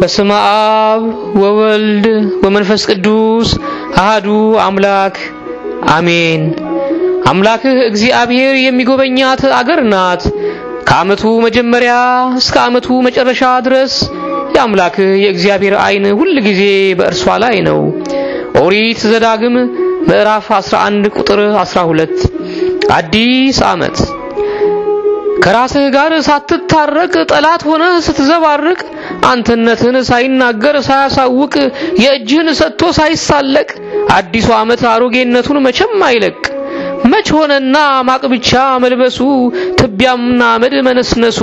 በስመ አብ ወወልድ ወመንፈስ ቅዱስ አሃዱ አምላክ አሜን። አምላክህ እግዚአብሔር የሚጎበኛት አገር ናት። ከዓመቱ መጀመሪያ እስከ ዓመቱ መጨረሻ ድረስ የአምላክህ የእግዚአብሔር ዓይን ሁል ጊዜ በእርሷ ላይ ነው። ኦሪት ዘዳግም ምዕራፍ 11 ቁጥር 12። አዲስ ዓመት ከራስህ ጋር ሳትታረቅ ጠላት ሆነህ ስትዘባርቅ አንተነትህን ሳይናገር ሳያሳውቅ የእጅህን ሰጥቶ ሳይሳለቅ አዲሱ ዓመት አሮጌነቱን መቼም አይለቅ። መች ሆነና ማቅ ብቻ መልበሱ ትቢያምና አመድ መነስነሱ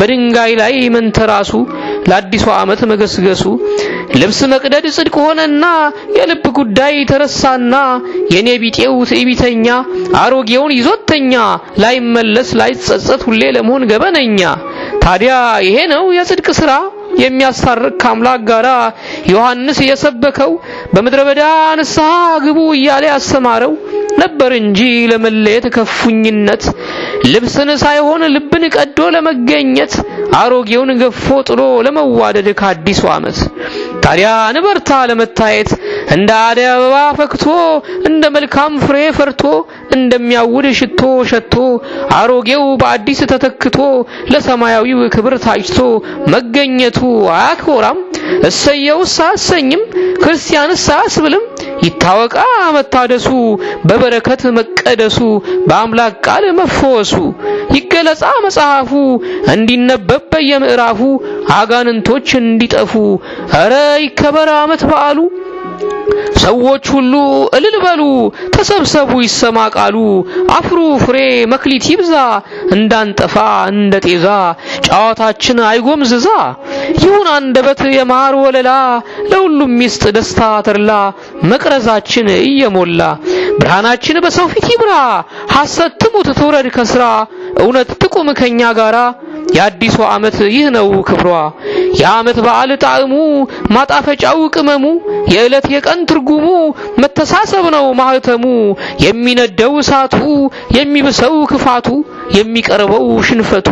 በድንጋይ ላይ መንተራሱ ለአዲሱ ዓመት መገስገሱ ልብስ መቅደድ ጽድቅ ሆነና የልብ ጉዳይ ተረሳና የኔ ቢጤው ትዕቢተኛ አሮጌውን ይዞተኛ ላይመለስ ላይጸጸት ሁሌ ለመሆን ገበነኛ ታዲያ ይሄ ነው የጽድቅ ሥራ። የሚያሳርቅ ከአምላክ ጋራ ዮሐንስ የሰበከው በምድረ በዳ ንስሐ ግቡ እያለ ያስተማረው ነበር እንጂ ለመለየት ከፉኝነት ልብስን ሳይሆን ልብን ቀዶ ለመገኘት አሮጌውን ገፎ ጥሎ ለመዋደድ ከአዲሱ ዓመት ታዲያ ንበርታ ለመታየት እንደ አደይ አበባ ፈክቶ እንደ መልካም ፍሬ ፈርቶ እንደሚያውድ ሽቶ ሸቶ አሮጌው በአዲስ ተተክቶ ለሰማያዊው ክብር ታጭቶ መገኘቱ አያኮራም? እሰየውስ አሰኝም! ክርስቲያንስ አስብልም ይታወቃ መታደሱ በበረከት መቀደሱ በአምላክ ቃል መፈወሱ ይገለጻ መጽሐፉ እንዲነበብ በየምዕራፉ አጋንንቶች እንዲጠፉ እረ ይከበር ዓመት በዓሉ ሰዎች ሁሉ እልል በሉ፣ ተሰብሰቡ፣ ይሰማ ቃሉ። አፍሩ ፍሬ መክሊት ይብዛ፣ እንዳንጠፋ እንደ ጤዛ ጨዋታችን አይጎምዝዛ። ይሁን አንደበት የማር ወለላ፣ ለሁሉም ሚስጥ ደስታ ተርላ መቅረዛችን እየሞላ ብርሃናችን በሰው ፊት ይብራ። ሐሰት ትሙት ትውረድ ከስራ፣ እውነት ትቁም ከኛ ጋራ። የአዲሱ ዓመት ይህ ነው ክብሯ የዓመት በዓል ጣዕሙ፣ ማጣፈጫው ቅመሙ፣ የዕለት የቀን ትርጉሙ መተሳሰብ ነው ማህተሙ። የሚነደው እሳቱ፣ የሚብሰው ክፋቱ፣ የሚቀርበው ሽንፈቱ፣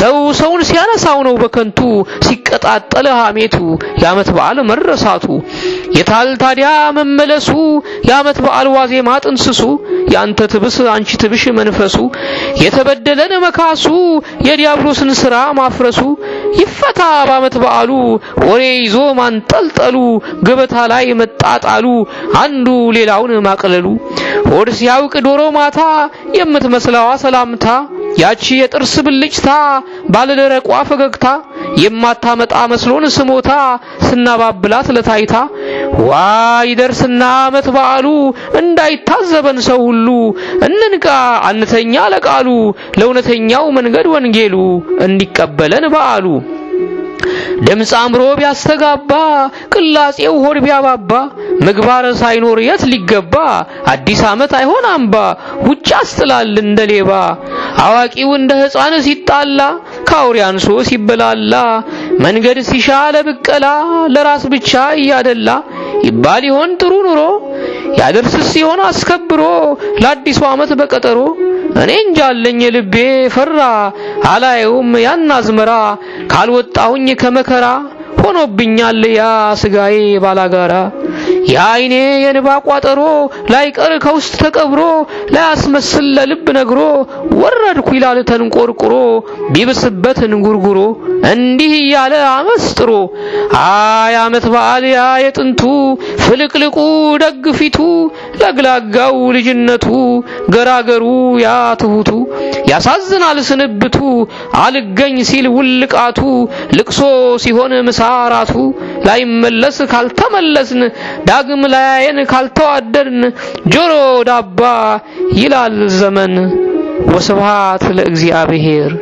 ሰው ሰውን ሲያነሳው ነው በከንቱ ሲቀጣጠለ ሐሜቱ፣ የዓመት በዓል መረሳቱ። የታል ታዲያ መመለሱ የዓመት በዓል ዋዜማ ጥንስሱ የአንተ ትብስ አንቺ ትብሽ መንፈሱ የተበደለን መካሱ የዲያብሎስን ሥራ ማፍረሱ ይፈታ በዓመት በዓሉ ወሬ ይዞ ማንጠልጠሉ ገበታ ላይ መጣጣሉ አንዱ ሌላውን ማቅለሉ ሆድ ሲያውቅ ዶሮ ማታ የምትመስለዋ ሰላምታ ያቺ የጥርስ ብልጭታ ባለደረቋ ፈገግታ የማታመጣ መስሎን ስሞታ ስናባብላት ለታይታ ዋይ ደርስና ዓመት በዓሉ እንዳይታዘበን ሰው ሁሉ እንንቃ አንተኛ ለቃሉ ለእውነተኛው መንገድ ወንጌሉ እንዲቀበለን በዓሉ። ድምፅ አምሮ ቢያስተጋባ ቅላጼው ሆድ ቢያባባ ምግባረ ሳይኖር የት ሊገባ አዲስ አመት አይሆን አምባ ውጭ አስጥላል እንደሌባ አዋቂው እንደ ሕፃን ሲጣላ ካውሪያን ሶ ሲበላላ መንገድ ሲሻ ለብቀላ ለራስ ብቻ እያደላ ይባል ይሆን ጥሩ ኑሮ ያደርስ ሲሆን አስከብሮ ለአዲሱ ዓመት በቀጠሮ እኔ እንጃለኝ ልቤ ፈራ አላየውም ያን አዝመራ ካልወጣሁኝ ከመከራ ሆኖብኛል ያ ስጋዬ ባላጋራ የአይኔ የንባ ቋጠሮ ላይቀር ከውስጥ ተቀብሮ ላያስመስል ለልብ ነግሮ ወረድኩ ይላል ተንቆርቁሮ ቢብስበት እንጉርጉሮ እንዲህ እያለ አመስጥሮ አይ አመት በዓል ያ የጥንቱ ፍልቅልቁ ደግ ፊቱ ለግላጋው ልጅነቱ ገራገሩ ያ ትሁቱ ያሳዝናል ስንብቱ አልገኝ ሲል ውልቃቱ ልቅሶ ሲሆን ምሳራቱ ላይመለስ ካልተመለስን ዳግም ላያየን ካልተዋደድን ጆሮ ዳባ ይላል ዘመን። ወስብሃት ለእግዚአብሔር